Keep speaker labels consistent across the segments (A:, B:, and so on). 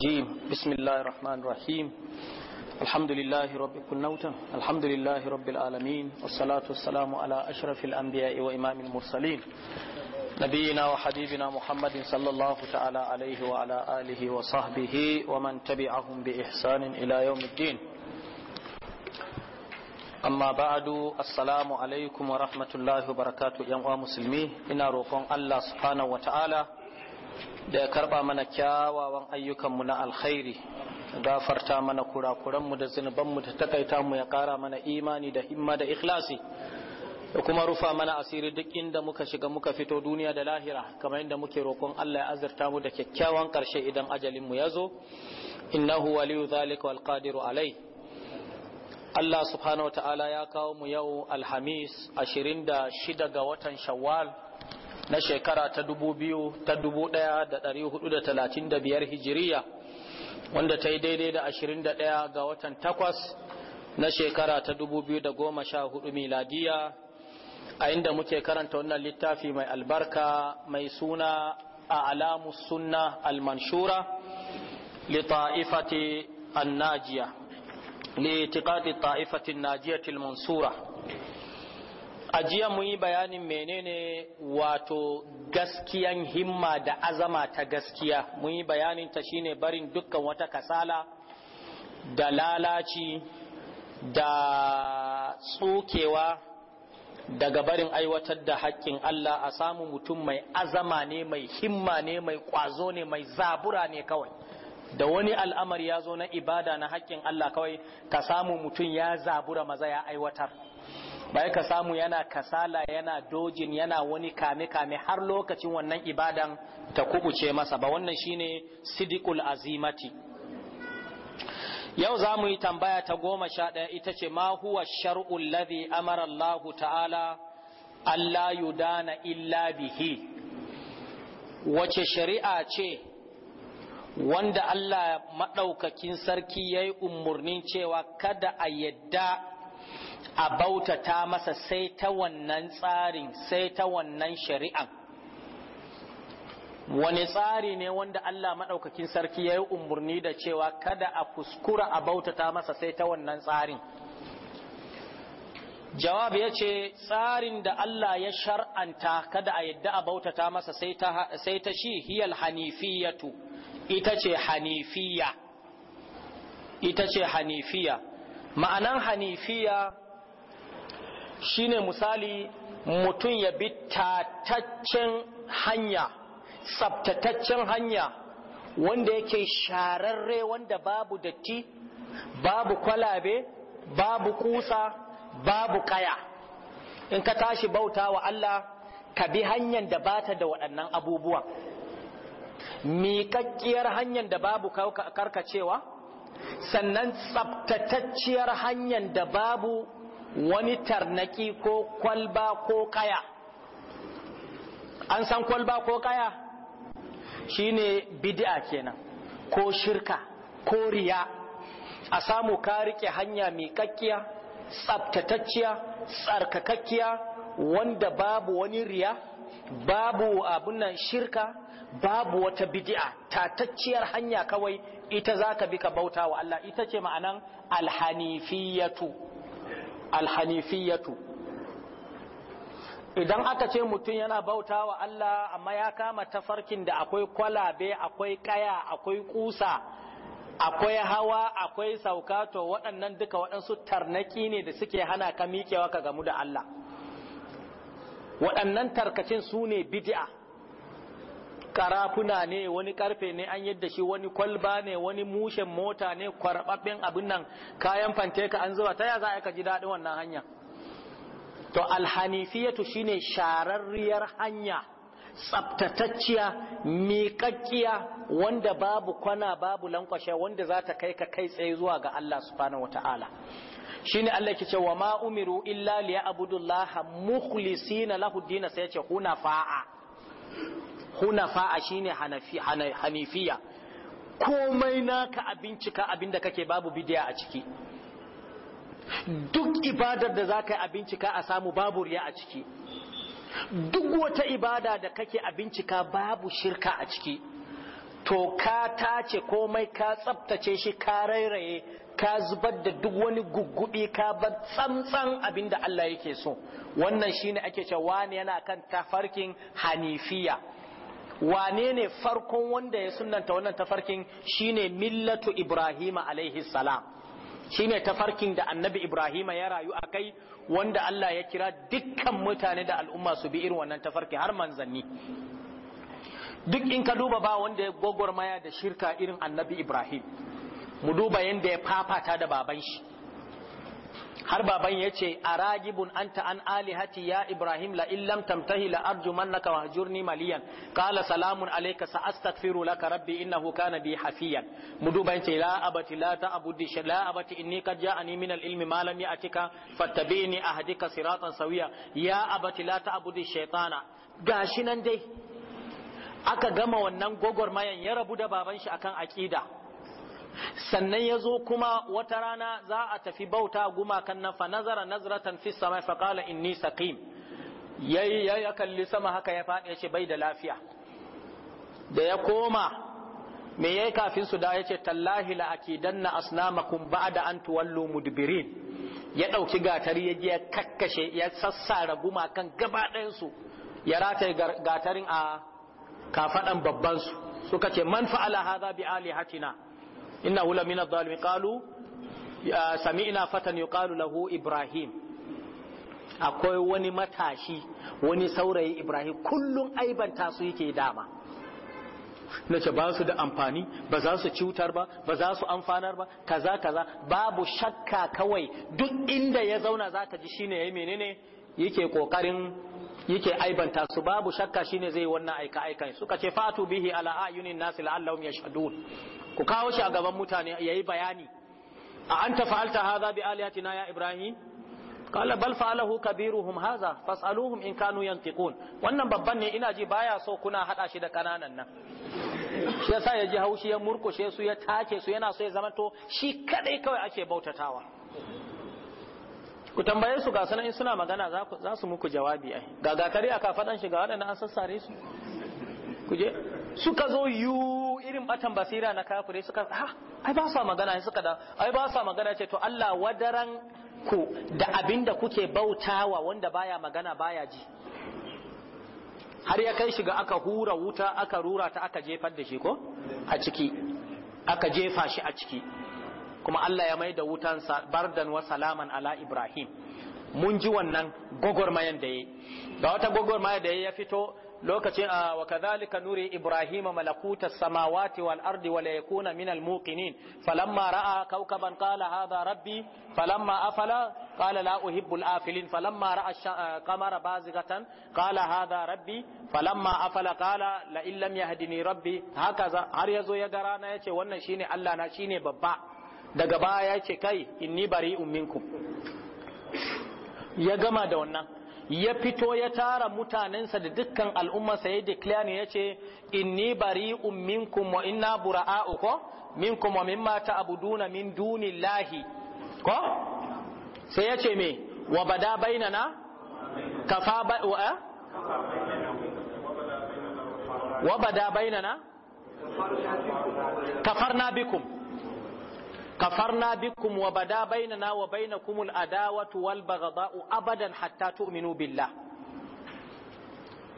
A: جيم بسم الله الرحمن الرحيم الحمد لله رب كنوتا الحمد لله رب العالمين والصلاة والسلام على أشرف الأنبياء وإمام المرسلين نبينا وحبيبنا محمد صلى الله تعالى عليه وعلى آله وصحبه ومن تبعهم بإحسان إلى يوم الدين amma ba'adu assalamu alaikum wa rahmatullahi wa barakatuh yan uwa musulmi ina roƙon Allah subhanahu wa ta'ala da ya karba mana kyawawan ayyukanmu na alkhairi gafarta mana kurakuranmu da zunubanmu da takaita mu ya kara mana imani da himma da ikhlasi da kuma rufa mana asiri duk inda muka shiga muka fito duniya da lahira kamar inda muke roƙon Allah ya azurta mu da kyakkyawan ƙarshe idan ajalin mu ya zo innahu waliyu zalika wal qadiru alai Allah subhanahu wa ta'ala ya kawo mu yau alhamis 26 ga watan shawwal na shekara ta dubu biyu ta dubu ɗaya da ɗari da talatin da biyar hijiriya wanda ta yi daidai da ashirin da ɗaya ga watan takwas na shekara ta dubu biyu da goma sha hudu miladiya a inda muke karanta wannan littafi mai albarka mai suna a alamu sunna almanshura لطائفة الناجية لإعتقاد الطائفة الناجية المنصورة a jiya mun yi bayanin menene wato gaskiyan himma da azama ta gaskiya mun yi bayanin ta shine barin dukkan wata kasala da lalaci da tsokewa daga barin aiwatar da haƙƙin Allah a samu mutum mai azama ne mai himma ne mai ƙwazo ne mai zabura ne kawai da wani al'amari ya zo na ibada na haƙƙin Allah kawai ka samu mutum ya zabura maza ya aiwatar bai ka samu yana kasala yana dojin yana wani kame kame har lokacin wannan ibadan ta kubuce masa ba wannan shine sidikul azimati yau za mu yi tambaya ta goma sha ɗaya ita ce ma huwa shar'ul ladhi amara Allah ta'ala Allah yudana illa bihi wace shari'a ce wanda Allah maɗaukakin sarki ya yi umarnin cewa kada a yadda a bautata masa sai ta wannan tsarin sai ta wannan shari'an wani tsari ne wanda Allah maɗaukakin sarki ya yi umarni da cewa kada a kuskura a bautata masa sai ta wannan tsarin jawab ya ce tsarin da Allah ya shar'anta kada a yadda a bautata masa sai ta shi hiyal hanifiyatu ita ce hanifiya ita ce hanifiya ma'anan hanifiya shine misali mutum ya bi tataccen hanya tsabtataccen hanya wanda yake shararre wanda babu datti babu kwalabe babu kusa babu kaya in ka tashi bauta wa Allah ka bi hanyar da bata da waɗannan abubuwan miƙaƙƙiyar hanyar da babu karkacewa sannan tsabtatacciyar hanyar da babu wani tarnaki ko kwalba ko kaya an san kwalba ko kaya shine bid'a kenan ko shirka ko riya a samu ka rike hanya mai kakkiya tsabtatacciya tsarkakakkiya wanda babu wani riya babu abun nan shirka babu wata bid'a tatacciyar hanya kawai ita zaka bi ka bauta wa Allah ita ce ma'anan alhanifiyatu
B: alhanifiyatu
A: idan aka ce mutum yana bauta wa Allah amma ya kama tafarkin da akwai kwalabe akwai kaya akwai kusa akwai hawa akwai sauka to waɗannan duka waɗansu tarnaki ne da suke hana ka miƙewa ka gamu da Allah waɗannan tarkacin su ne bid'a karafuna ne wani karfe ne an yadda shi wani kwalba ne wani mushen mota ne kwarbabben abin nan kayan fante ka an zuba ta ya za a ka ji daɗin wannan hanya to alhanifiyatu shine shararriyar hanya tsabtatacciya miƙaƙƙiya wanda babu kwana babu lankwashe wanda za ta kai ka kai tsaye zuwa ga Allah subhanahu wata'ala shine Allah ke ce wa ma umiru illa liya'budullaha mukhlisina lahu dina sai ya ce fa'a. hunafa shine hanifiya komai naka abincika abinda kake babu bidiya a ciki duk ibadar da zaka yi abincika a samu babu riya a ciki duk wata ibada da kake abincika babu shirka a ciki to ka tace komai ka tsaftace shi ka rairaye ka zubar da duk wani guggubi ka bar tsantsan abinda Allah yake so wannan shine ake cewa wani yana kan tafarkin hanifiya wane ne farkon wanda ya sunanta wannan tafarkin shine millatu ibrahima alaihi salam shine tafarkin da annabi ibrahima ya rayu a kai wanda allah ya kira dukkan mutane da al'umma su bi irin wannan tafarki har manzanni duk in ka duba ba wanda ya gwagwarmaya da shirka irin annabi ibrahim mu duba yadda ya fafata da baban shi har baban ya ce a ragibun anta an alihati ya ibrahim la illam tamtahi la arjumannaka wahjurni maliyan qala salamun alaika sa firu laka rabbi innahu kana bi hafiyan mu duba yace la abati la ta'budi la abati inni qad ja'ani min al-ilmi ma lam ya'tika fattabi'ni ahdika siratan sawiya ya abati la ta'budi shaytana gashi nan dai aka gama wannan gwagwarmayan ya rabu da baban shi akan aƙida. sannan ya zo kuma wata rana za a tafi bauta gumakan nan fa nazara nazratan fi samai fa qala inni saqim yayi ya kalli sama haka ya faɗi yace bai da lafiya da ya koma me yayi kafin su da yace tallahi la akidanna asnamakum ba'da an tuwallu mudbirin ya dauki gatari ya je ya kakkashe ya sassara gumakan gaba ɗayan su ya rataye gatarin a kafadan babban su suka ce man fa'ala hadha bi alihatina innahu lamina Kalu qalu sami'na fatan kalu lahu ibrahim akwai wani matashi wani saurayi ibrahim kullum aibanta su yake dama na ce ba su da amfani ba za su cutar ba ba za su amfanar ba kaza kaza babu shakka kawai duk inda ya zauna za ka ji shine yayi menene yake kokarin yake aibanta su babu shakka shine zai wannan aika aikan suka ce fatu bihi ala ayunin nasu la'allahum shadu ku kawo shi a gaban mutane ya yi bayani a an ta fa'alta hadha bi na ya ibrahim Kala bal fa'alahu kabiruhum hadha fas'aluhum in kanu yantiqun wannan babban ne ina ji baya so kuna haɗa shi da kananan nan shi yasa ya ji haushi ya murkushe su ya take su yana so ya zama to shi kadai kawai ake bautatawa ku tambaye su ga sanan suna magana za su muku jawabi ai ga a aka fadan shi ga waɗanda an sassare su Ku je suka zo yu irin batan basira na kafirai suka ha ai ba sa magana suka da ai ba sa magana ce to Allah wadaran ku da abinda kuke bautawa wanda baya magana baya ji har ya kai shiga aka hura wuta aka rura ta aka jefar da shi ko a ciki aka jefa shi a ciki kuma Allah ya mai da wutan bardan wa salaman ala Ibrahim mun ji wannan gogormayan da yayi ga wata gwagwarmaya da ya fito lokacin a ah, wa kadhalika nuri ibrahima malakuta samawati wal ardi wa la yakuna min al muqinin falamma ra'a kawkaban qala hadha rabbi falamma afala qala la uhibbu al afilin falamma ra'a ah, qamara bazighatan qala hadha rabbi falamma afala qala la in lam yahdini rabbi za har yazo ya gara na yace wannan shine Allah na shine babba daga baya yace kai inni bari'un minkum
B: ya gama da wannan
A: ya fito ya tara mutanensa da dukkan al'ummarsa ya declare ya ce inni bari'un minkum wa inna bura'a'u ko minkum wa mimma ta'buduna min dunillahi ko sai ya ce me wa bada bainana kafa ba wa eh? wa bada bainana kafarna bikum kafarna bikum wa bada bainana wa bainakum al-adawatu wal baghdha'u abadan hatta tu'minu billah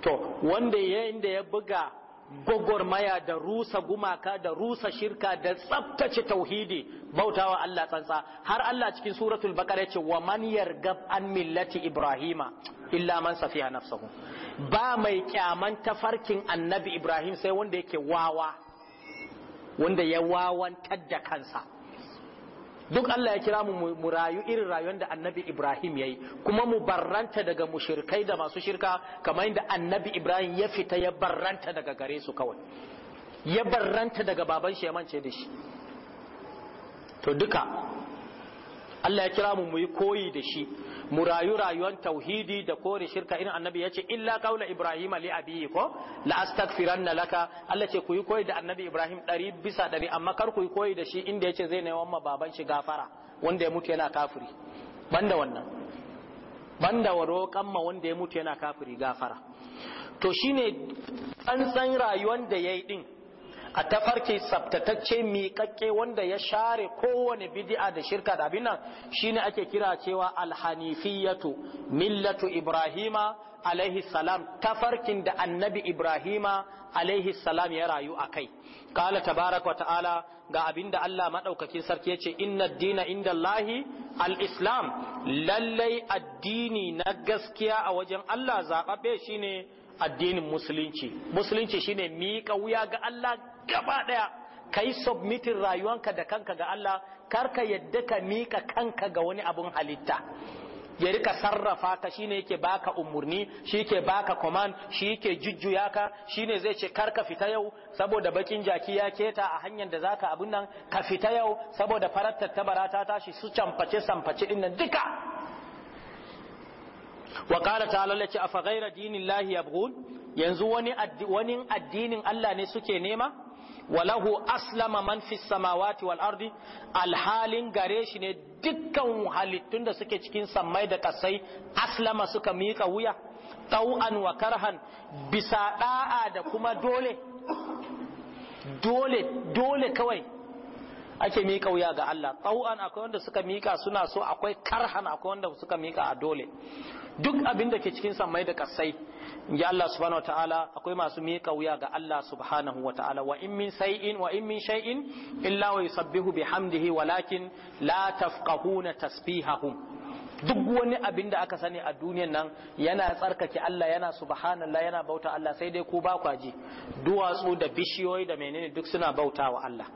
A: to wanda yayin da ya buga gogormaya da rusa gumaka da rusa shirka da tsaftace tauhidi bautawa Allah tsantsa har Allah cikin suratul baqara yace wa man yargab an millati ibrahima illa man safiha nafsuhu ba mai kyaman tafarkin annabi ibrahim sai wanda yake wawa wanda ya wawantar da kansa duk Allah ya kira mu mu rayu irin rayuwar da annabi Ibrahim yayi kuma mu barranta daga mushirkai da masu shirka kamar yadda annabi Ibrahim ya fita ya barranta daga gare su kawai ya barranta daga baban shi ya mance da shi to duka Allah ya kira mu mu yi koyi da shi mu rayu rayuwar tauhidi da kore shirka irin annabi ya ce illa kaula ibrahim li abiyi ko la astaghfiranna laka Allah ce ku yi koyi da annabi ibrahim ɗari bisa ɗari amma kar ku yi koyi da shi inda ya ce zai nema ma baban shi gafara wanda ya mutu yana kafiri banda wannan banda wa roƙan ma wanda ya mutu yana kafiri gafara to shine tsantsan rayuwan da yayi din a tafarki tsabtatacce miƙaƙƙe wanda ya share kowane bidi'a da shirka da abin nan shine ake kira cewa alhanifiyatu millatu ibrahima alaihi salam tafarkin da annabi ibrahima alaihi salam ya rayu a kai kala tabaraka wa ta'ala ga abin da Allah maɗaukakin sarki ya ce inna dina inda lahi, al'islam, lallai addini na gaskiya a wajen Allah shi shine addinin musulunci musulunci shine miƙa wuya ga Allah gaba daya yi submitin rayuwanka da kanka ga Allah kar ka yadda ka mika kanka ga wani abun halitta ya rika sarrafa ka shine yake baka umurni shi yake baka command shi yake jujjuya ka shine zai ce kar ka fita yau saboda bakin jaki ya keta a hanyar da zaka abun nan ka fita yau saboda farar barata ta tashi su camface samface din nan duka wa qala ta'ala lati afa ghayra dinillahi yabghun yanzu wani addinin Allah ne suke nema walahu aslama man fi samawati wal ardi alhalin gare shi ne dukkan halittun da suke cikin sammai da kasai aslama suka miƙa wuya tau'an wa karhan bisa da'a da kuma dole dole dole kawai ake miƙa wuya ga Allah tau'an akwai wanda suka miƙa suna so akwai karhan akwai wanda suka miƙa a dole duk abin da ke cikin sammai da kasai in ji Allah subhanahu wa ta'ala akwai masu miƙa wuya ga Allah subhanahu wa ta'ala wa in min sai'in wa in min shay'in illa wa yusabbihu bihamdihi walakin la tafqahuna tasbihahum duk wani abin da aka sani a duniyan nan yana tsarkake Allah yana subhanallah yana bauta Allah sai dai ku ba duwatsu da bishiyoyi da menene duk suna bautawa Allah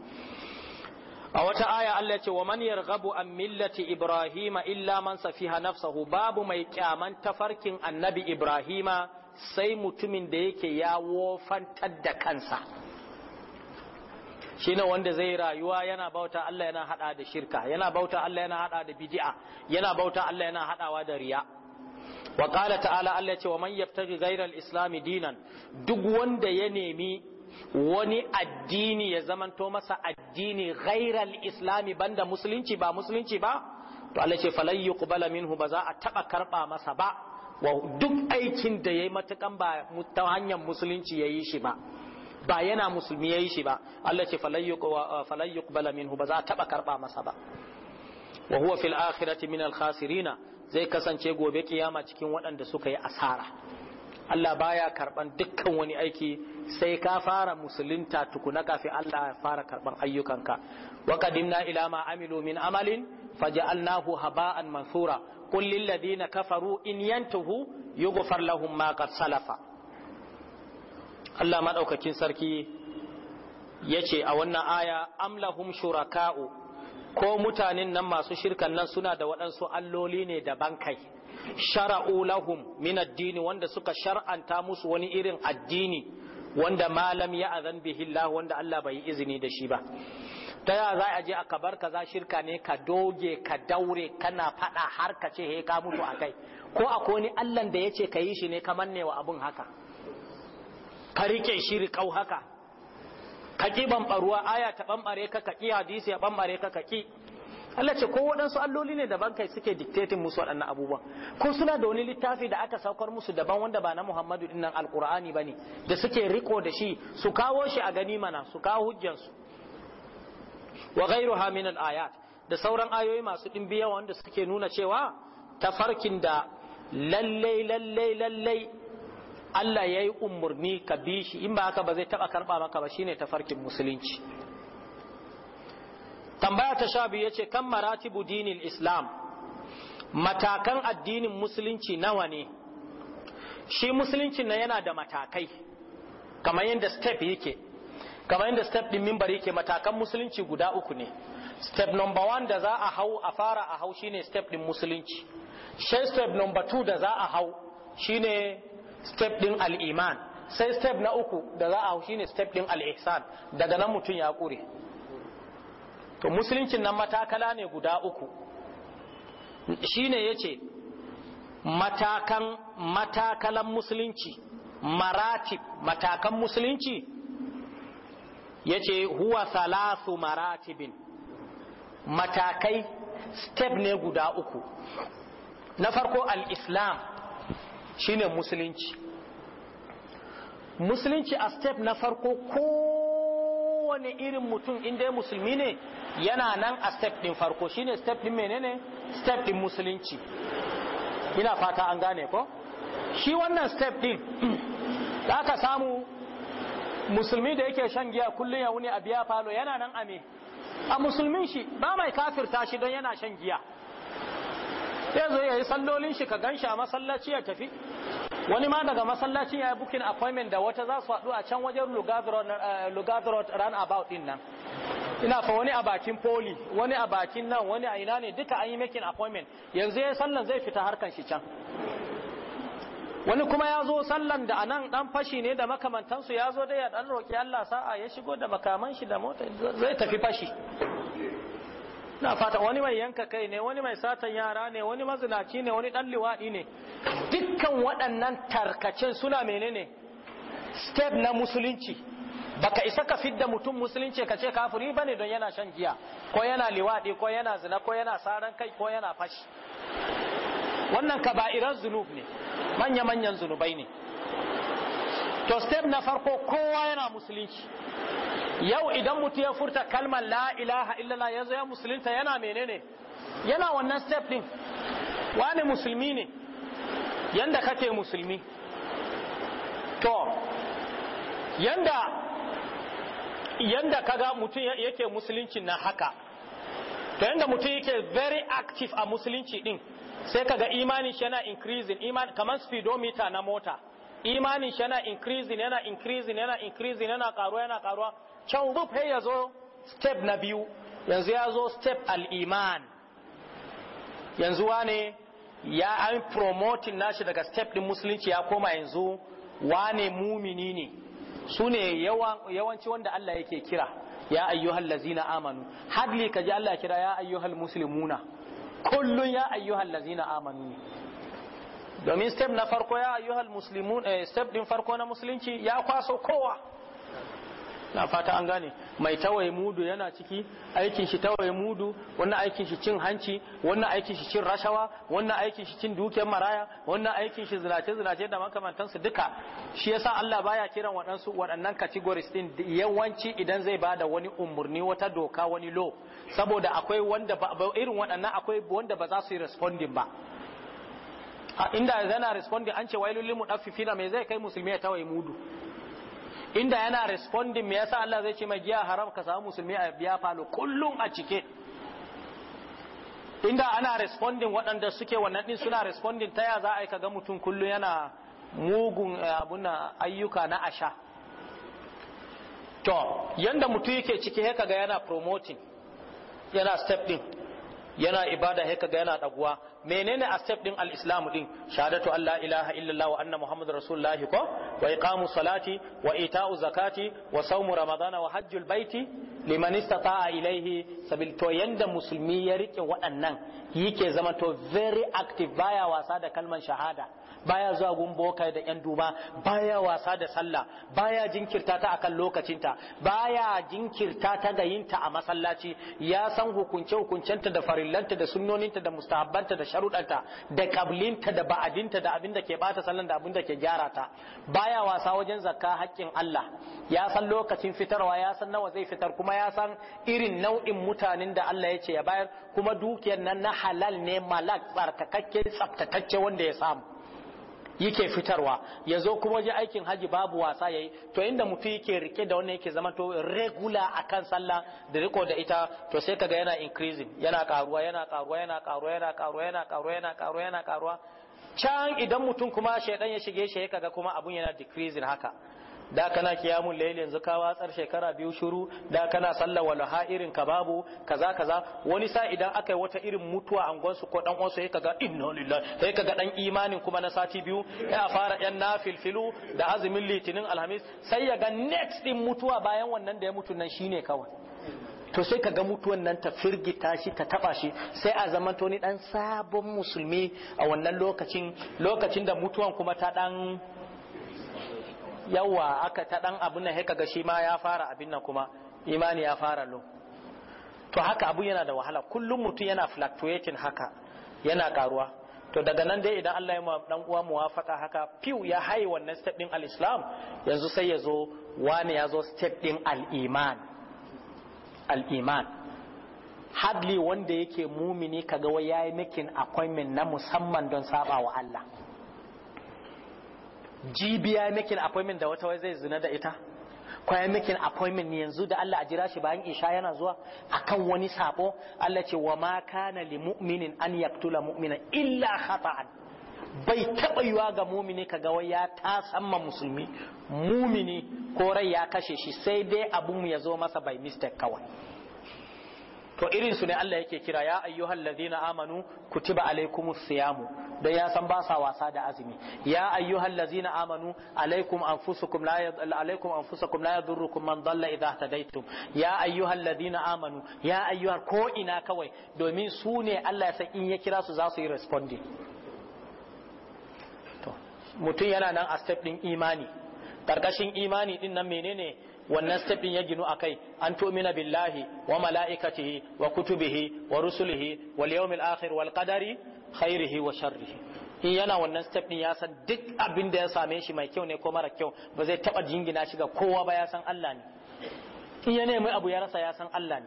A: a wata aya Allah ce wa man yarghabu an millati ibrahima illa man safiha nafsahu babu mai kyaman tafarkin annabi ibrahima sai mutumin da yake ya wofantar da kansa Shi wanda zai rayuwa yana bauta Allah yana hada da shirka yana bauta Allah yana hada da bidi'a yana bauta Allah yana hadawa da riya wa qala ta'ala Allah ya ce wa man yabtaghi ghayra al-islam dinan duk wanda ya nemi wani addini ya zamanto masa addini ghayra al-islam banda musulunci ba musulunci ba to Allah ya ce falan yuqbala minhu ba za a taba karba masa ba wa duk aikin da yayi matakan ba ta hanyar musulunci yayi shi ba ba yana musulmi yi shi ba Allah ce falayyuk uh, bala minhu ba za taɓa karɓa masa ba wa huwa fil akhirati min al khasirina zai kasance gobe kiyama cikin waɗanda suka yi asara Allah baya karɓan dukkan wani aiki sai ka fara musulunta tukuna kafin Allah ya fara karban ayyukanka wa qadimna ila ma amilu min amalin faja'alnahu haba'an mansura qul lil ladina kafaru in yantahu yughfar lahum ma qad salafa Allah madaukakin sarki yace a wannan aya amlahum shuraka'u ko mutanen nan masu shirkan nan suna da waɗansu alloli ne daban kai shara'u lahum min addini wanda suka shar'anta musu wani irin addini wanda malam ya azan bihi Allah wanda Allah bai izini da shi ba ta ya za a je a kabar za shirka ne ka doge ka daure kana fada har ka ce he ka mutu a kai ko akwai wani allan da ya ce ka yi shi ne ka manne wa abun haka
B: ka rike shiri
A: kau haka ka ki bambaruwa aya ta bambare ka ka ki hadisi ya bambare ka ka ki Allah ce ko waɗansu alloli ne daban kai suke dictating musu waɗannan abubuwan ko suna da wani littafi da aka saukar musu daban wanda ba na Muhammadu dinnan alkur'ani bane da suke riko da shi su kawo shi a gani mana su kawo hujjansu wa ghairuha min ayat da sauran ayoyi masu dimbi yawa wanda suke nuna cewa tafarkin da lallai lallai lallai Allah ya yi umarni ka bi shi in ba haka ba zai taɓa karɓa maka ba shine tafarkin musulunci tambaya ta sha biyu ya ce kan maratibu dinin islam matakan addinin musulunci nawa ne shi musulunci na yana da matakai kamar yadda step yake kamar yadda step din mimbar yake matakan musulunci guda uku ne step number one da za a hau a fara a hau shine step din musulunci shi step number two da za a hau shine step din al'iman sai step na uku da za a hau shine step din al'ihsan daga nan mutum ya kure to musulunci nan matakala ne guda uku shine yace matakan matakalan musulunci maratib matakan musulunci Ya ce huwa salasu maratibin matakai step ne guda uku na farko al-islam shine musulunci musulunci a step na farko kowane irin mutum inda musulmi ne yana nan a step din farko shine step din menene step din musulunci ina fata an gane ko shi wannan step din da aka samu musulmi da yake shan giya kullum ya wuni a biya falo yana nan me a musulmin shi ba mai kafirta shi don yana shan giya sai zo ya yi sallolin shi ka ganshi a masallaci ya tafi wani ma daga masallacin ya yi bukin appointment da wata za su haɗu a can wajen lugadrot eh, ran about din nan ina fa wani a bakin poli wani a bakin nan wani a ina ne duka an yi making appointment yanzu ya yi sallan zai fita harkan shi can wani kuma ya zo sallan da anan dan fashi ne da makamantansu ya zo dai ya dan roki Allah sa'a ya shigo da makaman shi da mota zai tafi fashi na fata wani mai yanka kai ne wani mai satan yara ne wani mazinaci ne wani dan liwaɗi ne dukkan waɗannan tarkacin suna menene step na musulunci baka isa ka fidda mutum musulunci ka ce kafiri bane don yana shan giya ko yana liwaɗi ko yana zina ko yana saran kai ko yana fashi wannan kaba'iran zunub ne manya-manyan zunubai ne to step na farko kowa yana musulunci yau idan mutu ya furta kalmar la ilaha illallah yanzu ya musulunta yana menene yana wannan step din wani musulmi ne yanda kake musulmi to yanda yanda kaga mutum yake musulunci na haka to yanda mutum yake very active a musulunci din sai kaga imanin shi yana increasing iman kamar speedometer na mota imanin shi yana increasing yana increasing yana increasing yana karuwa yana karuwa can rufe ya zo step na biyu yanzu ya zo step al-iman yanzu wane ya an promoting nashi daga step din musulunci ya koma yanzu wane mumini ne su ne yawanci wanda Allah yake kira ya ayyuhal lazina amanu hadli kaji Allah kira ya ayyuhal muslimuna Kullum ya ayyuhan lazina amanu ne domin step na farko ya ayyuhan muslimun eh, step din farko na musulunci ya kwaso kowa na fata an gane mai tawaye mudu yana ciki aikin shi tawaye mudu wannan aikin shi cin hanci wannan aikin shi cin rashawa wannan aikin shi cin dukiyar maraya wannan aikin shi zinace zinace da makamantansu duka shi yasa Allah baya kiran waɗansu waɗannan categories din yawanci idan zai bada wani umurni wata doka wani law saboda akwai wanda ba irin waɗannan akwai wanda ba za su yi responding ba inda yana responding an ce wailul lil mudaffifina me zai kai musulmi ya tawaye mudu inda yana responding me yasa Allah zai ce mai giya haram ka samu musulmi a biya falo kullum a cike inda ana responding waɗanda suke wannan din suna responding ta ya za a yi ga mutum kullum yana mugun eh, abuna ayyuka na asha to yanda mutum yake cike he kaga yana promoting yana step din yana ibada sai kaga yana daguwa menene a step din al-islam din shahadatu alla ilaha illallah wa anna muhammadar rasulullah ko wa iqamu salati wa ita'u zakati wa sawmu ramadana wa hajjul baiti liman istata'a ilaihi sabil to yanda musulmi ya rike waɗannan yake zama to very active baya wasa da kalman shahada baya zuwa gun boka da yan duba baya wasa da sallah baya jinkirta ta akan lokacinta baya jinkirta ta ga yinta a masallaci ya san hukunce hukuncenta da farillanta da sunnoninta da mustahabbanta da sharudanta da kablinta da ba'adinta da abin da ke bata sallan da abin da ke gyara ta baya wasa wajen zakka haƙƙin Allah ya san lokacin fitarwa ya san nawa zai fitar kuma ya san irin nau'in mutanen da Allah ya ce ya bayar kuma dukiyar nan na halal ne malak tsarkakakke tsaftatacce wanda ya samu yake fitarwa ya zo kuma wajen aikin haji babu wasa yayi to inda mutum yake rike da wannan yake zama to regular akan sallah da riko da ita to sai kaga yana increasing yana karuwa yana karuwa yana karuwa yana karuwa yana karuwa yana karuwa yana karuwa can idan mutum kuma shaidan ya shige shi kaga kuma abun yana decreasing haka da kana kiyamun layl yanzu ka watsar shekara biyu shuru da kana sallar walaha irin ka babu kaza kaza wani sa idan aka yi wata irin mutuwa angon su ko dan uwansu sai kaga inna lillahi sai kaga dan imanin kuma na sati biyu sai fara yan nafilfilu da azumin litinin alhamis sai ya ga next din mutuwa bayan wannan da ya mutu nan shine kawai to sai kaga mutuwan nan ta firgita shi ta taba shi sai a zaman to ni dan sabon musulmi a wannan lokacin lokacin da mutuwan kuma ta dan yawa aka ta dan na nan ga shi ma ya fara abin nan kuma imani ya fara lo to haka abu yana da wahala kullum mutum yana fluctuating haka yana karuwa to daga nan dai idan Allah ya ma dan uwa muwafaka haka fiw ya haye wannan step din al-islam yanzu sai ya zo wani ya zo step din al-iman al-iman hadli wanda yake mumini kaga wai yayi making appointment na musamman don saba wa Allah Jibiya ya making appointment da wata wai zai zina da ita kwaya making appointment yanzu da Allah a jira shi bayan isha yana zuwa akan wani sabo Allah ce wa ma kana li mu'minin an yaktula mu'mina illa khata'an bai taba yiwa ga mumini kaga wai ya tasamma musulmi mumini ko rai ya kashe shi sai dai abun ya zo masa by mistake kawai to irin su ne Allah yake kira ya ayyuhal ladina amanu kutiba alaikumus siyamu dan ya san ba sa wasa da azumi ya ayyuhal ladina amanu alaikum anfusukum la alaikum anfusakum la yadurrukum man dalla idha tadaitum ya ayyuhal ladina amanu ya ayyuhal ko ina kawai domin su ne Allah ya san in ya kira su za su yi responding to mutum yana nan a step din imani karkashin imani din nan menene wannan stepin ya ginu a kai an tu'mina billahi wa mala'ikatihi wa kutubihi wa rusulihi wal yawmil akhir wal qadari khairihi wa sharrihi in yana wannan step ya san duk abin da ya same shi mai kyau ne ko mara kyau ba zai taba jingina shi ga kowa ba ya san Allah ne in ya nemi abu ya rasa ya san Allah ne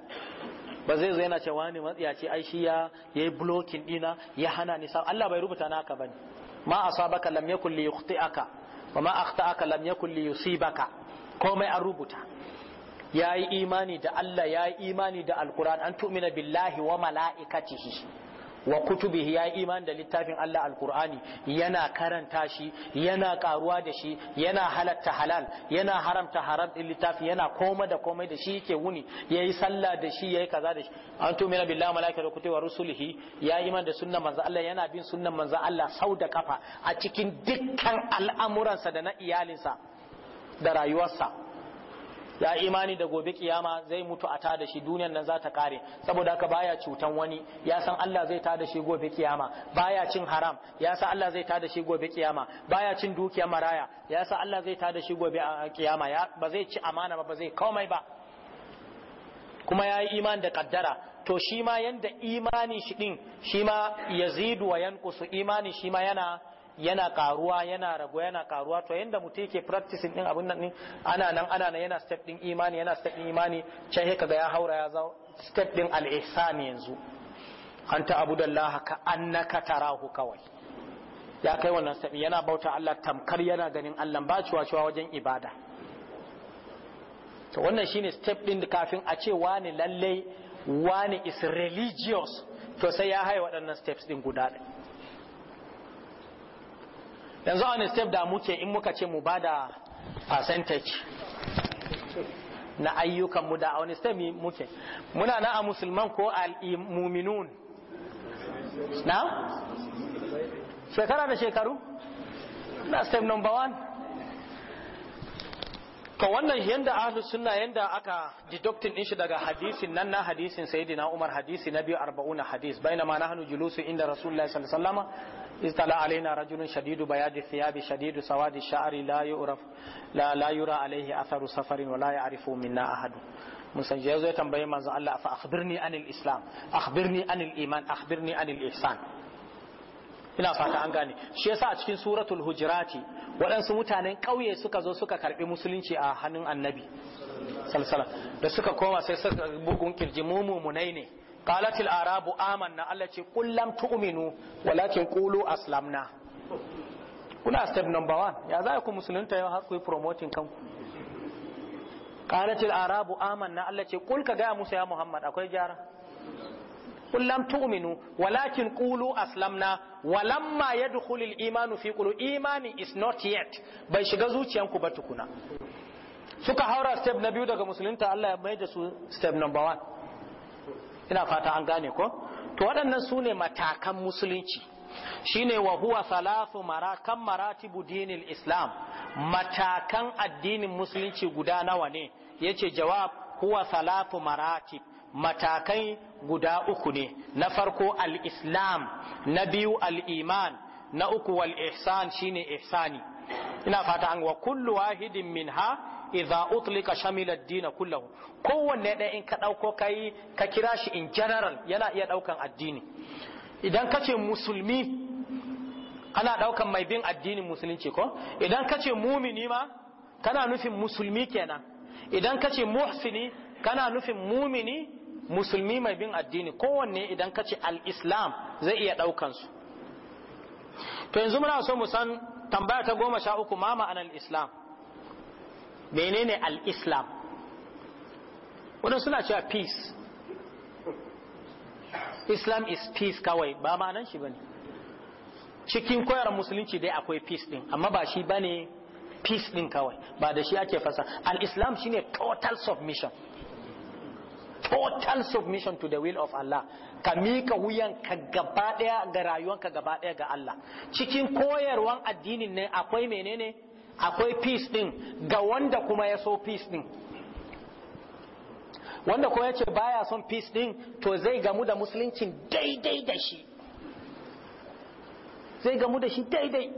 A: ba zai zo yana ce wani matsiyaci ai shi ya yayi blocking dina ya hana ni sa Allah bai rubuta naka bane ma asabaka lam yakul li yukhti'aka wa ma akhta'aka lam yakul li yusibaka komai an rubuta ya yi imani da Allah ya yi imani da alkur'an an tumina billahi wa mala'ikatihi wa kutubihi ya yi imani da littafin Allah alkur'ani yana karanta shi yana karuwa da shi yana halatta halal yana haramta haram din littafi yana koma da komai da shi yake wuni yayi sallah da shi yi kaza da shi an tumina billahi malaika da kutubi wa rusulihi ya yi imani da sunnan manzo Allah yana bin sunnan manzo Allah sau da kafa a cikin dukkan al'amuransa da na iyalinsa da rayuwarsa ya imani da gobe kiyama zai mutu a tada shi duniyan nan za ta kare saboda haka baya cutan wani ya san Allah zai tada shi gobe kiyama baya cin haram ya san Allah zai tada shi gobe kiyama baya cin dukiyar maraya ya san Allah zai tada shi gobe ah, kiyama ya ba zai ci amana ba ba zai komai ba kuma yayi imani da kaddara to shi ma yanda imani shi din shi ma yazidu wa yanqusu imani shi yana yana karuwa yana rago yana karuwa to yanda mutum yake practicing din abin nan ana nan ana nan yana step din imani yana step din imani can sai kaga ya haura ya zo step din al-ihsan yanzu an abudallahi ka annaka tarahu kawai ya kai wannan step yana bauta Allah tamkar yana ganin Allah ba ciwa ciwa wajen ibada to wannan shine step din kafin a ce wani lalle wani is religious to sai ya haye waɗannan steps din guda ɗaya yanzu a step da muke in muka ce mu bada percentage na ayyukan mu da on step muke muna na a musulman ko al-muminun na shekara da shekaru na step number one to wannan yanda ahlus sunna yanda aka deducting din shi daga hadisin nan na hadisin sayyidina Umar hadisi na biyu 40 hadis bainama nahnu julusu inda rasulullahi sallallahu alaihi wasallama istala alaina rajulun shadidu bayadi thiyabi shadidu sawadi sha'ri la yu'raf la la yura alaihi atharu safarin wa la ya'rifu minna ahad musan tambaye manzo Allah fa akhbirni anil islam akhbirni anil iman akhbirni anil ihsan ina fata an gane shi yasa a cikin suratul hujurati waɗansu mutanen ƙauye suka zo suka karɓi musulunci a hannun annabi da suka koma sai suka bugun kirji mu mumunai ne qalatil arabu amanna Allah ce kullam lam tu'minu walakin qulu aslamna kuna step number 1 ya za ku musulunta yau har ku yi promoting kanku qalatil arabu amanna Allah ce qul ka ga musa ya muhammad akwai jara Kullam لم تؤمنوا ولكن قولوا أسلمنا ولما يدخل الإيمان في قلوب إيمان is not yet bai shiga zuciyanku ba tukuna suka haura step na biyu daga musulunta Allah ya mai da su step number one ina fata an gane ko to waɗannan su ne matakan musulunci shine wa huwa salasu marakan maratibu dinil islam matakan addinin musulunci guda nawa ne yace jawab huwa salasu maratib matakai guda uku ne na farko al-islam na biyu al-iman na uku wal ihsan shine ihsani ina fata an wa kullu wahidin minha idza utlika shamila ad-din kullahu kowanne ɗaya in ka dauko kai ka kira shi in general yana iya daukan addini idan kace musulmi ana daukan mai bin addinin musulunci ko idan kace mumini ma kana nufin musulmi kenan idan kace muhsini kana nufin mumini musulmi mai bin addini kowanne idan kace al-islam zai iya daukan su to yanzu muna so mu san tambaya ta goma sha uku ma ma'anar islam menene al-islam wadansu suna cewa peace islam is peace kawai ba ma'anan shi bane cikin koyar musulunci dai akwai peace din amma ba shi bane peace din kawai ba da shi ake fasa al-islam shine total submission total submission to the will of Allah ka mika wuyan gaba daya ga rayuwanka gaba daya ga Allah cikin koyarwan addinin ne akwai menene akwai peace din ga wanda kuma ya so peace din wanda kuma yace baya son peace din to zai gamu da musuluncin daidai da shi zai gamu da shi daidai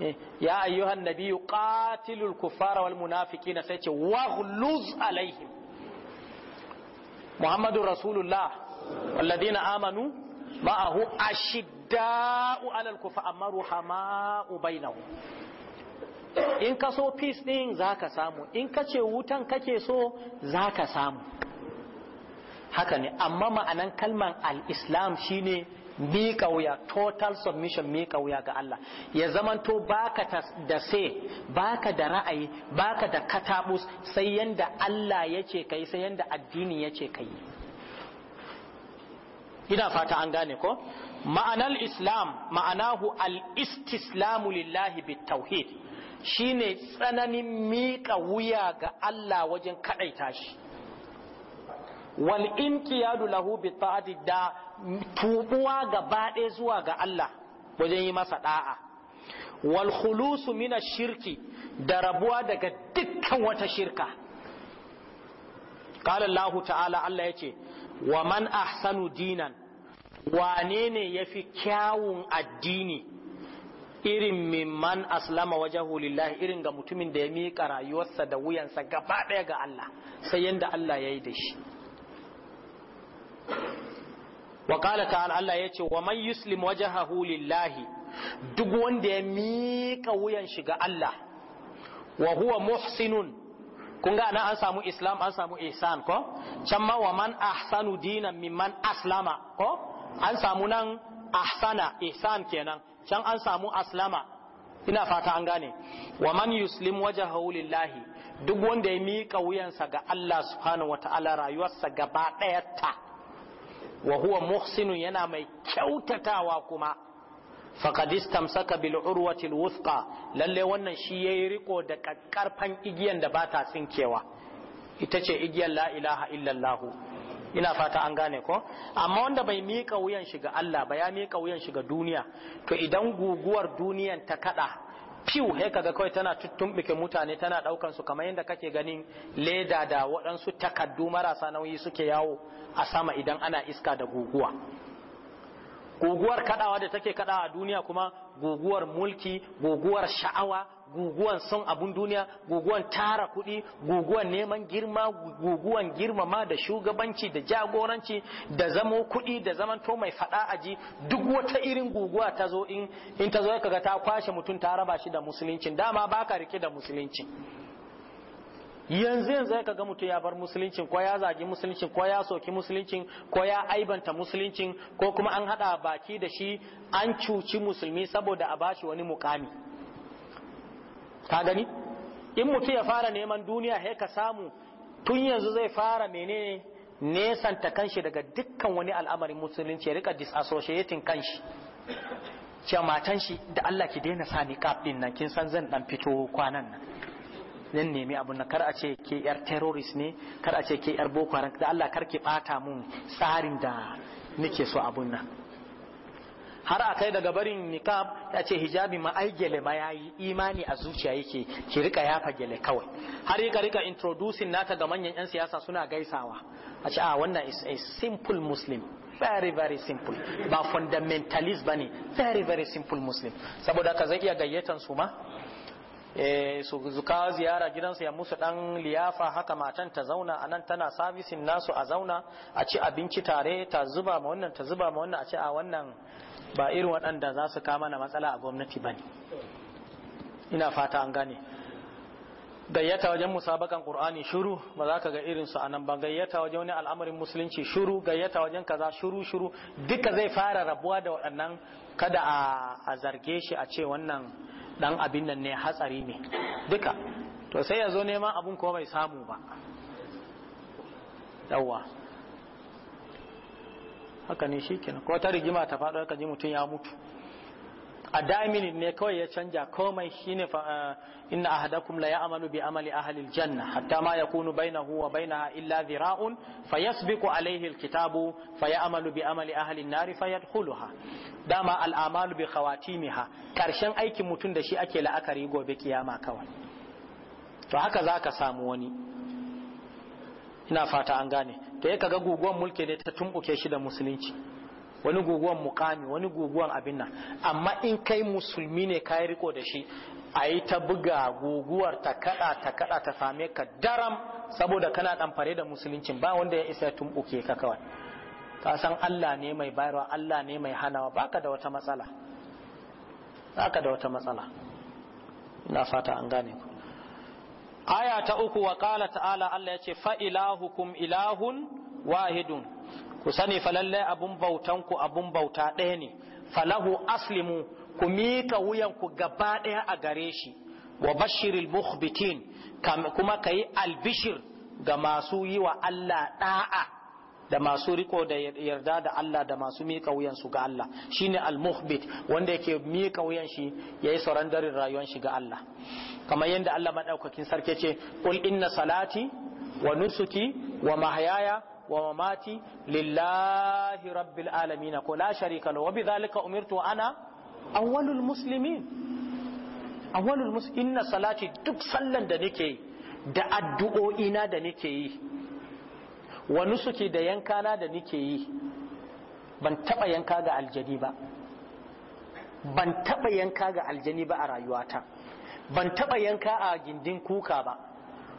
A: eh, ya ayyuhan nabiyyu qatilul kuffara wal munafiqina sai ce waghluz alaihim muhammadu rasulullah walladina amanu ma'ahu ashidda'u alal kufa amma ruhama'u bainahu in ka so peace din zaka samu in ka ce wutan kake so zaka samu haka ne amma ma'anan kalman al-islam shine Mika wuya total submission Mika wuya ga Allah ya zamanto baka da se baka da ra'ayi baka da katabus sai yanda Allah yace kai sai yanda addini yace kai ina fata an gane ko ma'anal islam ma'anahu al-istislamu lillahi tauhid shine tsananin miƙa wuya ga Allah wajen kaɗaita shi wal inqiyadu lahu bi ta'ati da tubuwa gaba ɗaya zuwa ga Allah wajen yi masa da'a wal khulusu min shirki da rabuwa daga dukkan wata shirka qala Allah ta'ala Allah yace wa man ahsanu dinan wane ne yafi kyawun addini irin mimman aslama wajahu lillahi irin ga mutumin da ya miƙa rayuwarsa da wuyansa gaba ɗaya ga Allah sai yanda Allah ya yi da shi wa qala ta'ala Allah yace wa man yuslim wajhahu lillahi duk wanda ya mika wuyan shiga Allah wa huwa muhsinun kun ga nan an samu islam an samu ihsan ko can ma wa man ahsanu dinan mimman aslama ko an samu nan ahsana ihsan kenan can an samu aslama ina fata an gane wa man yuslim wajhahu lillahi duk wanda ya mika wuyansa ga Allah subhanahu wataala rayuwarsa gaba ɗaya ta wa huwa muhsinun yana mai kyautatawa kuma faqad Saka bil urwati wuthqa lalle wannan shi yayi riko da kakkarfan igiyan da bata tsinkewa ita ce igiyar la ilaha allah
B: ina fata an
A: gane ko amma wanda bai mika wuyan shi ga Allah ba ya mika wuyan shi ga duniya to idan guguwar duniyan ta kada fiw he kaga kawai tana tuttumɓuke mutane tana ɗaukan su kamar yadda kake ganin leda da waɗansu takaddu marasa nauyi suke yawo a sama idan ana iska da guguwa guguwar kaɗawa da take kaɗawa a duniya kuma guguwar mulki guguwar sha'awa guguwan son abun duniya guguwan tara kuɗi guguwan neman girma guguwan girmama da shugabanci da jagoranci da zamo kuɗi da zamanto mai faɗa aji duk wata irin guguwa ta zo in in ta zo kaga ta kwashe mutum ta raba shi da musulunci dama baka rike da musulunci yanzu yanzu ya kaga mutum ya bar musuluncin ko ya zagi musuluncin ko ya soki musuluncin ko ya aibanta musuluncin ko kuma an hada baki da shi an cuci musulmi saboda a bashi wani mukami ka gani in mutum ya fara neman duniya sai ka samu tun yanzu zai fara menene nesanta kanshi daga dukkan wani al'amarin musulunci ya rika disassociating kanshi cewa matan shi da Allah ki daina sa niqab din nan kin san zan dan fito kwanan nan zan nemi abun nan kar a ce ke yar terrorist ne kar a ce ke yar boko haram da Allah kar ki bata mun tsarin da nake so abun nan har a kai daga barin niqab ta ce hijabi ma ai gele ma yayi imani a zuciya yake ki rika yafa gele kawai har yi rika introducing nata ga manyan yan siyasa suna gaisawa a ce a ah, wannan is a simple muslim very very simple ba fundamentalist bane very very simple muslim saboda ka zai iya gayyatan su ma eh, su kawo ziyara gidansu ya musu dan liyafa haka matan ta zauna a nan tana sabisin nasu a zauna a ci abinci tare ta zuba ma wannan ta zuba ma wannan a ci a ah, wannan ba irin waɗanda za su kama na matsala a gwamnati ba ne ina fata an gane gayyata wajen musabakan qur'ani shuru ba za ka ga irin su anan ba gayyata wajen wani al'amarin musulunci shuru gayyata wajen kaza shuru shuru duka zai fara rabuwa da waɗannan kada a zarge shi a ce wannan dan abin nan ne hatsari ne duka to sai ya zo neman abun kuma bai samu ba yawwa haka ne shikenan ko ta rigima ta faɗo ka ji mutum ya mutu a damini ne kawai ya canja komai shine fa eh, inna ahadakum la ya'malu bi amali ahli aljanna hatta ma yakunu bainahu wa bainaha illa dhira'un fayasbiqu alayhi alkitabu fayamalu bi amali ahli an-nar fayadkhuluha dama al'amalu bi khawatimiha karshen aikin mutum da shi ake la'akari gobe kiyama kawai to haka zaka samu wani ina fata an gane to ya kaga guguwan mulki ne ta tumbuke shi da musulunci wani guguwan mukami wani guguwan abin nan amma in kai musulmi ne ka riko da shi a ta buga guguwar ta kada ta kada ta same ka daram saboda kana damfare da musuluncin ba wanda ya isa tumbuke ka kawai ka san Allah ne mai bayarwa Allah ne mai hanawa baka da wata matsala baka da wata matsala ina fata an gane ku aya ta uku wa qala ta'ala Allah yace fa'ilahu ilahukum ilahun wahidun ku sani falallai abun bautan ku abun bauta ɗaya ne falahu aslimu ku mika wuyan ku gaba ɗaya a gare shi wa bashiril muhbitin kuma kayi albishir ga masu yi wa Allah ɗa'a da masu riko da yarda da Allah da masu miƙa wuyansu ga Allah shine al-muhbit wanda yake miƙa wuyan shi yayi sarandarin rayuwar shi ga Allah kamar yadda Allah madaukakin sarki ce qul inna salati wa nusuki wa mahyaya wa mamati lillahi rabbil alamin ko la sharika lahu wa bidhalika umirtu ana awwalul muslimin awwalul muslimin inna salati duk sallan da nake da addu'o'ina da nake yi Wani nusuki da yankana da nike yi ban taɓa yanka ga aljani ba ban taba yanka ga aljani ba a rayuwata ban taɓa yanka a gindin kuka ba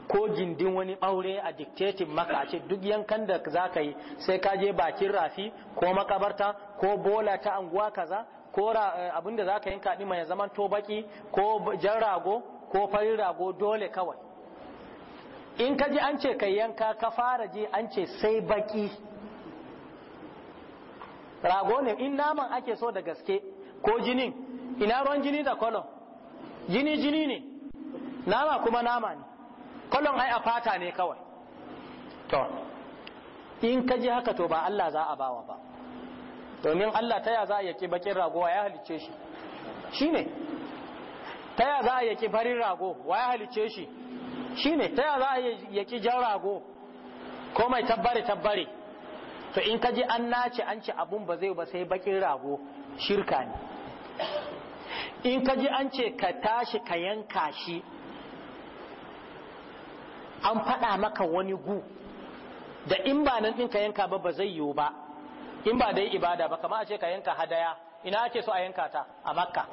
A: ko gindin wani aure a dictating maka ce duk yankan da za ka yi sai ka je bakin rafi ko makabarta ko bola ta anguwa kaza ko eh, abinda za ka yanka ɗi mai zaman to baki ko jan rago ko farin rago dole kawai in ka ji an ce kai yanka ka fara ji an ce sai baki rago ne in naman ake so da gaske ko jinin ina ruwan jini da kolon jini jini ne nama kuma nama ne kolon ai a fata ne kawai to in ka ji haka to ba Allah za a bawa ba domin Allah ta ya za a yake bakin rago ya halicce shi shine ta ya za a yake farin rago wa ya halicce shi shine ta ya za a yi ki jan rago ko mai tabbare tabbare to in ka ji an nace an ce abun ba zai ba sai bakin rago shirka ne in ka ji an ce ka tashi ka yanka shi an faɗa maka wani gu da in ba nan ɗin ka yanka ba ba zai yiwu ba in ba da dai ibada ba kama a ce ka yanka hadaya ina ake so a yanka ta a makka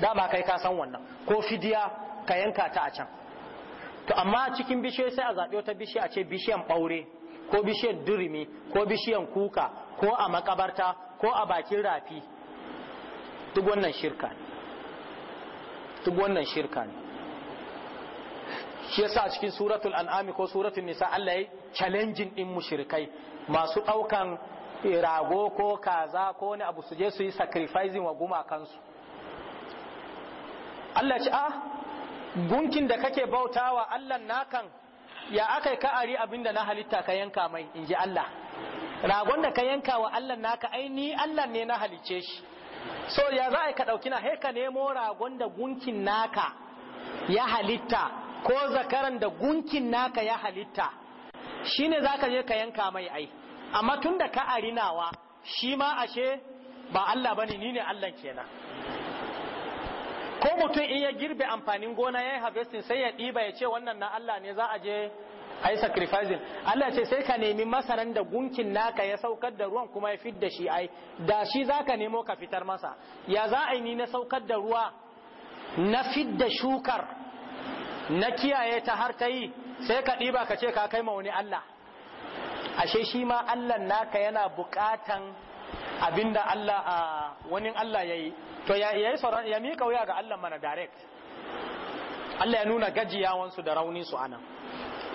A: dama kai ka san wannan ko fidiya ka yanka ta a can to amma cikin bishiyoyi sai a zaɓi wata bishiya ce bishiyan ɓaure ko bishiyan durumi ko bishiyan kuka ko a makabarta ko a bakin rafi duk wannan shirka ne duk wannan shirka ne shi yasa a cikin suratul an'ami ko suratul nisa Allah ya challenging din mushrikai masu ɗaukan rago ko kaza ko wani abu su je su yi sacrificing wa gumakansu Allah ya ce ah gunkin da kake bautawa Allah nakan ya akai ka ari abinda na halitta ka yanka mai inji Allah ragon da ka yanka wa Allah naka ai ni Allah ne na halice shi so ya za ka ɗauki na ka nemo ragon da gunkin naka ya halitta ko zakaran da gunkin naka ya halitta Shi shine zaka je ka yanka mai ai amma tun da ka nawa shi ma ashe ba Allah bane ni ne Allah kenan ko mutum in ya girbe amfanin gona ya yi harvesting sai ya ɗiba ya ce wannan na Allah ne za a je a yi sacrificing Allah ce sai ka nemi masaran da gunkin naka ya saukar da ruwan kuma ya da shi ai da shi za ka nemo ka fitar masa ya za a yi ni na saukar da ruwa na da shukar na kiyaye ta har ta yi sai ka ɗiba ka ce ka kai ma wani Allah ashe shi ma Allah naka yana buƙatan abinda Allah a wani Allah ya yi to ya yi sauran ya mika wuya ga Allah mana direct Allah ya nuna gajiyawansu da raunin su anan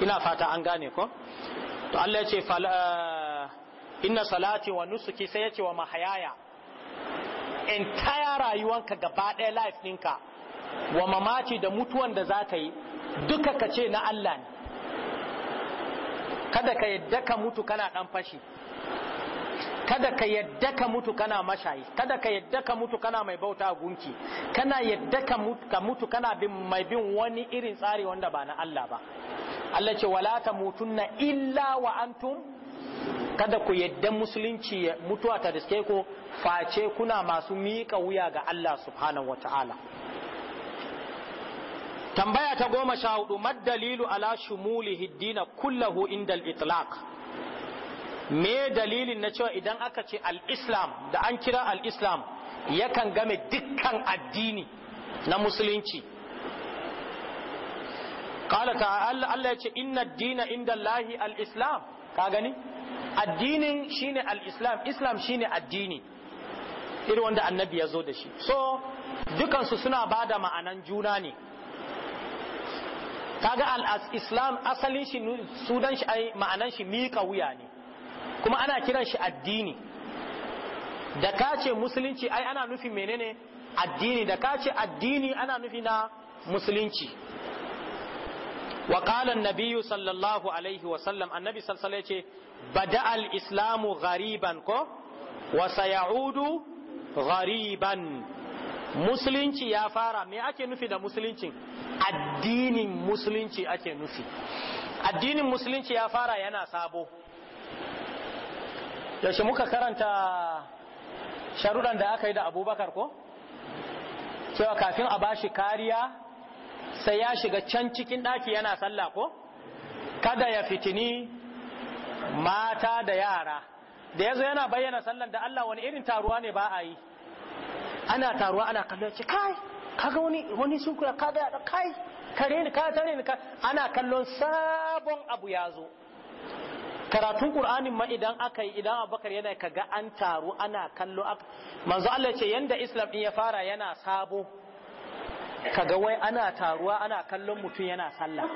A: ina fata an gane ko to Allah ya ce inna salati wa nusuki sai ya ce wa mahayaya entire rayuwanka gaba ɗaya life ɗinka wa mamaci da mutuwan da za ka yi duka ka ce na Allah ne kada ka yadda ka mutu kana ɗan fashi kada ka yadda ka mutu kana mashayi kada ka yadda ka mutu kana mai bauta gunki kana yadda ka mutu, kana bin mai bin wani irin tsari wanda ba na Allah ba Allah ce wala ta mutunna illa wa antum kada ku yadda musulunci mutuwa ta riske ku face kuna masu miƙa wuya ga Allah subhanahu wataala tambaya ta goma sha hudu maddalilu dalilu ala shumulihi dina kullahu indal itlaq me dalilin na cewa idan aka ce al-islam da an kira al-islam yakan game dukkan addini na musulunci qala ta'ala Allah ya ce inna ad-dina inda Allahi al-islam ka gani addinin shine al-islam islam shine addini irin wanda annabi ya zo da shi so dukansu suna bada ma'anan juna ne kaga al-islam asalin shi sudan shi ma'anan shi miƙa wuya ne kuma ana kiran shi addini da ka ce musulunci ai ana nufi menene addini da ka ce addini ana nufi na musulunci wa qala an sallallahu alaihi wa sallam annabi sallallahu alaihi ce bada al-islamu ghariban ko wa sayaudu ghariban musulunci ya fara me ake nufi da musulunci addinin musulunci ake nufi addinin musulunci ya fara yana sabo yaushe muka karanta sharuɗan da aka yi da abubakar ko cewa kafin a bashi kariya sai ya shiga can cikin ɗaki yana sallah ko kada ya fitini mata da yara da yazo yana bayyana sallan da Allah wani irin taruwa ne ba a yi ana taruwa ana kallon ce kai kaga wani wani sun kula kaga kai kare ni ka tare ni ka ana kallon sabon abu ya zo karatun qur'anin ma idan aka yi idan abubakar yana kaga an taru ana kallo manzo Allah ce yanda islam din ya fara yana sabo kaga wai ana taruwa ana kallon mutum yana sallah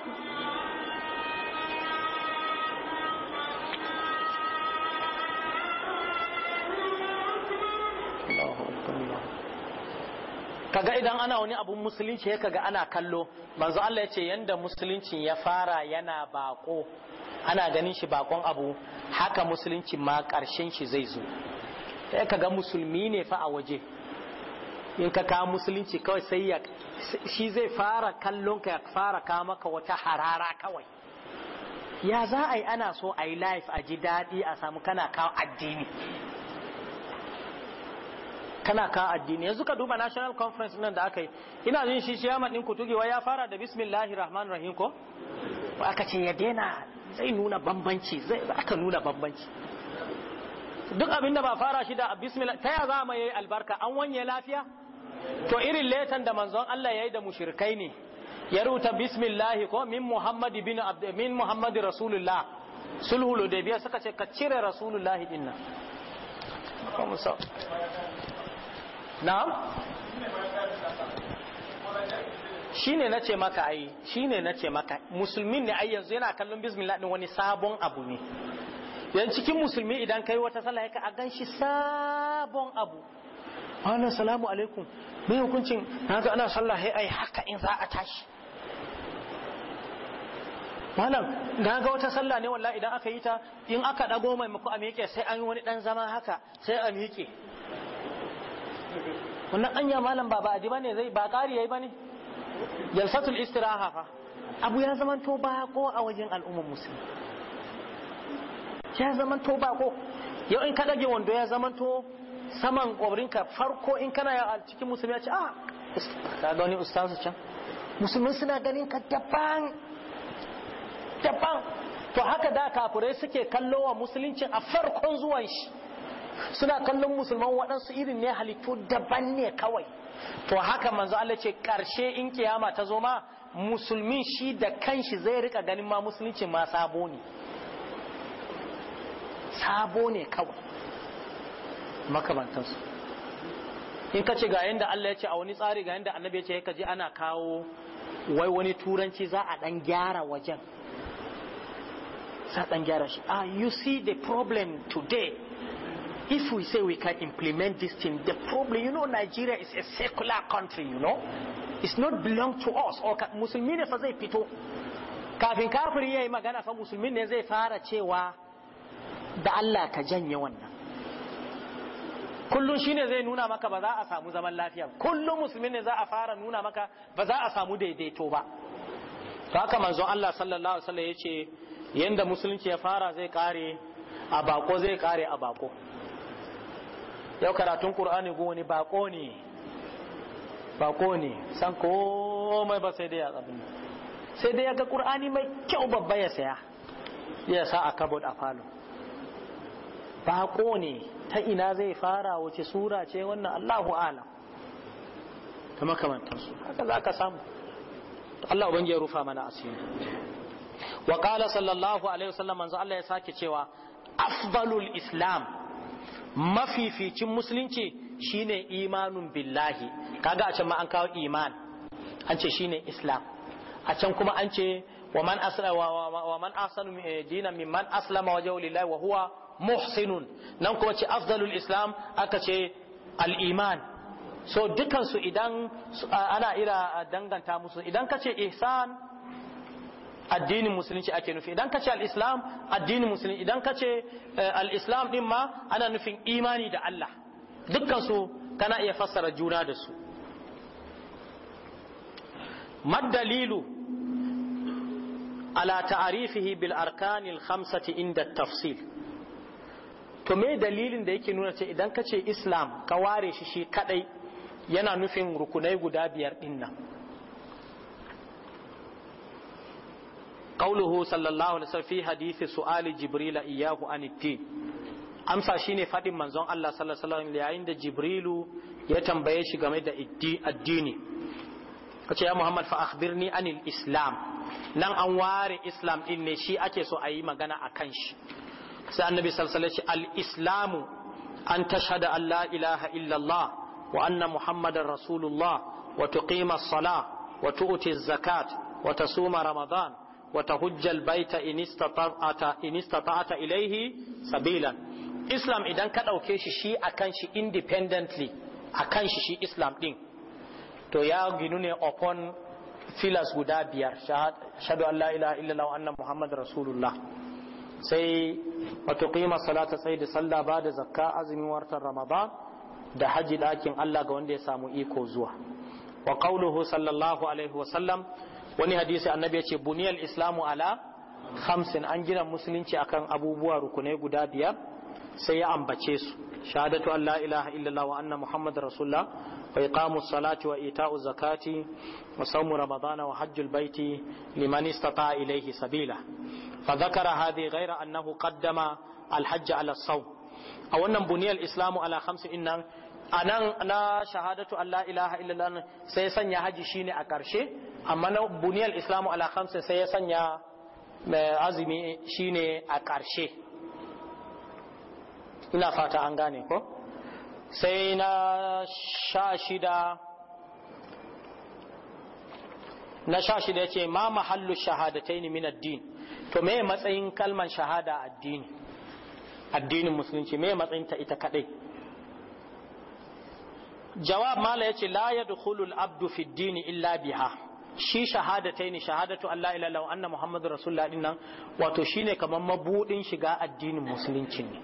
A: kaga idan ana wani abun musulunci ya kaga ana kallo manzo Allah ya ce yanda musulunci ya fara yana bako ana ganin shi bakon abu haka musulunci ma karshen shi zai zo sai kaga musulmi ne fa a waje in ka kawo musulunci kawai sai ya shi zai fara kallon ka ya fara kawo maka wata harara kawai ya za a yi ana so a yi life a ji daɗi a samu kana kawo addini kana ka addini yanzu ka duba national conference nan da aka yi ina jin shi chairman din kutugewa ya fara da bismillahir rahmanir rahim ko aka ce ya daina zai nuna bambanci zai aka nuna bambanci duk abin da ba fara shi da bismillah ta ya zama yayi albarka an wanye lafiya to irin letan da manzon Allah yayi da mushrikai ne ya ruta bismillah ko min muhammad bin abd min muhammad rasulullah sulhul suka ce ka cire rasulullahi dinnan na'am shine nace maka ai shine nace maka musulmin ne ai yanzu yana kallon bismillah din wani sabon abu ne yan cikin musulmi idan kai wata sallah ka a ganshi sabon abu wannan salamu alaikum me hukuncin ga ana sallah hai ai haka in za a tashi malam na ga wata sallah ne wallahi idan aka yi ta in aka dago muku a miƙe sai an yi wani dan zama haka sai a miƙe wannan anya malam ba ba ji ne zai ba kari yayi bane jalsatul istiraha fa abu ya zaman to ba ko a wajen al'ummar musulmi ya zaman to ba ko yau in ka dage wando ya zaman to saman kwabrinka farko in kana ya cikin musulmi ya ce ah ka ga wani ustazu can musulmi suna ganin ka daban daban to haka da kafirai suke kallo wa musuluncin a farkon zuwan shi suna kallon musulman waɗansu irin ne halittu daban ne kawai to haka manzo Allah ce karshe in kiyama ta zo ma musulmin shi da kanshi zai rika ganin ma musulunci ma sabo ne sabo ne kawai makamantansu in ka ce ga yanda Allah ya ce a wani tsari ga yanda annabi ya ce ka ji ana kawo wai wani turanci za a dan gyara wajen za a dan gyara shi ah you see the problem today if we say we can implement this thing, the problem, you know, Nigeria is a secular country, you know. It's not belong to us. Or ne fa zai fito. Kafin kafiri ya yi magana fa musulmi ne zai fara cewa da Allah ka janye wannan. Kullum shi ne zai nuna maka ba za a samu zaman lafiya. Kullum musulmi ne za a fara nuna maka ba za a samu daidaito ba. Ta haka manzon Allah sallallahu alaihi wasallam ya ce yanda musulunci ya fara zai kare a bako zai kare a bako. yau karatun qur'ani ko wani baƙo ne baƙo ne san komai ba sai dai abin sai dai ya ga qur'ani mai kyau babba ya saya ya sa a kabod a falo baƙo ne ta ina zai fara wace sura ce wannan Allahu alam ta makamantansu haka za ka samu Allah ubangi ya rufa mana asiri wa qala sallallahu alaihi wasallam manzo Allah ya sake cewa afdalul islam mafificin musulunci shine imanun billahi kaga a can ma an kawo iman an ce shine islam a can kuma an ce wa man asra wa man ahsanu eh, dinan mimman aslama wajhu lillahi wa huwa muhsinun nan kuma ce afdalul islam aka ce al iman so dukansu idan ana ira danganta musu idan kace ihsan addinin musulunci ake nufi idan kace al-islam addinin musulunci idan kace eh, al-islam din ma ana nufin imani da Allah dukkan su kana iya fassara juna da su madalilu ala ta'arifihi bil arkanil khamsati inda tafsil to me dalilin da yake nuna ce idan kace islam ka ware shi shi kadai yana nufin rukunai guda biyar dinnan qawluhu sallallahu alaihi wasallam fi hadisi su'ali jibril iyahu anitti amsa shine fadin manzon Allah sallallahu alaihi wasallam yayin da jibrilu ya tambaye shi game da addini kace ya Muhammad fa akhbirni anil islam nan an ware islam ɗin ne shi ake so a yi magana akan shi sai annabi sallallahu alaihi al islamu an tashhada an la ilaha illallah wa anna muhammadar rasulullah wa tuqima Sala, salah wa tu'ti zakat wa suma ramadan wa tahujjal baita in istata'ata in istata'ata ilaihi sabilan. islam idan ka dauke shi shi akan shi independently akan shi shi islam ɗin to ya ginu ne upon filas guda biyar shahadu an la ilaha illallah muhammad rasulullah sai wato qima salata sai da salla ba da zakka azumin wartar ramadan da haji dakin Allah ga wanda ya samu iko zuwa wa qauluhu sallallahu alaihi wa sallam wani hadisi annabi ya ce buniyal islamu ala hamsin an gina musulunci akan abubuwa rukunai guda biyar sai ya ambace su shahadatu an la ilaha illallah wa anna muhammad rasulullah wa iqamus salati wa ita'u zakati wa sawmu ramadana wa hajjul baiti liman istata ilayhi sabila fa dhakara hadhi ghaira annahu qaddama al hajj ala sawm a wannan buniyal islamu ala khamsin innan a nan na shahadatu Allah ilaha illallah sai ya sanya haji shine a ƙarshe amma na buniyar islamu ala khamsin sai ya sanya eh, azumi shine a ƙarshe ina fata an gane ko sai na sha shida na sha shida ce ma mahallu shahadatai min addini to me matsayin kalman shahada addini addinin musulunci me matsayin ta ita kadai jawab mala yace la yadkhulu al-abdu fi illa biha shi shahadataini shahadatu Allah ila law anna Muhammadu rasulullah din nan wato shine kaman mabudin shiga addinin musulunci ne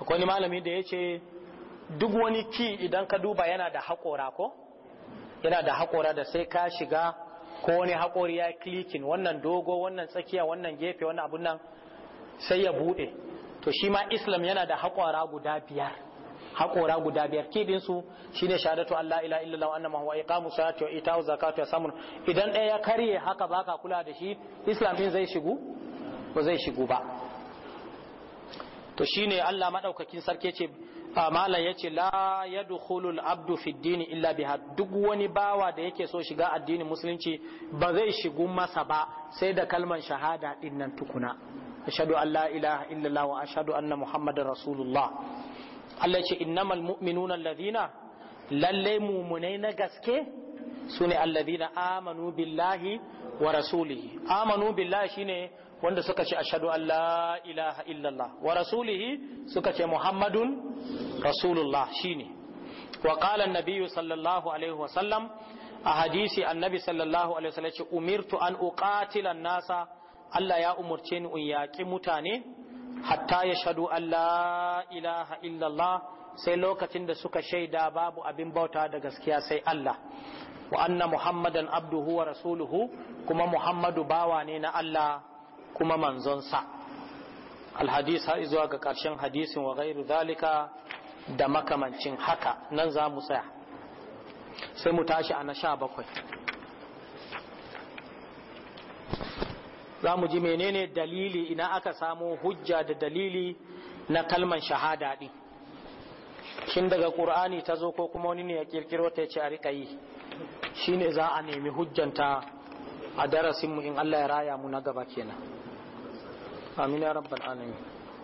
A: akwai wani malami da yace duk wani ki idan ka duba yana da haƙora ko yana da haƙora da sai ka shiga ko wani haƙori ya klikin wannan dogo wannan tsakiya wannan gefe wannan abun nan sai ya buɗe to shi ma islam yana da haƙora guda biyar haƙora guda biyar kibin su shine shahadatu Allah ila illallah wa anna huwa iqamu salati wa ita'u zakati wa samun idan ɗaya ya karye haka baka kula da shi islam din zai shigu ba zai shigu ba to shine Allah madaukakin sarki ce malam ya ce la yadkhulu abdu fi dini illa biha duk wani bawa da yake so shiga addinin musulunci ba zai shigu masa ba sai da kalman shahada din nan tukuna ashhadu an la ilaha illallah wa ashhadu anna muhammadar rasulullah Allah ce innamal mu'minuna alladhina lalle mumunai na gaske sune alladhina amanu billahi wa rasulihi amanu billahi shine wanda suka ce ashhadu an la ilaha illallah wa rasulihi suka ce muhammadun rasulullah shine wa qala an-nabiy sallallahu alaihi wa sallam a hadisi annabi sallallahu alaihi wa sallam ce umirtu an uqatila an-nasa Allah ya umurce ni in yaƙi mutane hatta ya shadu Allah ilaha illallah sai lokacin da suka shaida babu abin bauta da gaskiya sai Allah wa anna muhammadan abduhu wa rasuluhu kuma muhammadu bawa ne na Allah kuma manzonsa alhadis har zuwa ga ƙarshen hadisin wa gairu zalika da makamancin haka nan za mu tsaya sai mu tashi a na sha bakwai za mu ji menene dalili ina aka samo hujja da dalili na kalman shahada din kin daga qur'ani ta zo ko kuma wani ne ya kirkiro ta ce a rika yi shine za a nemi hujjanta a darasin mu in Allah ya raya mu na gaba kenan amin ya rabbal alamin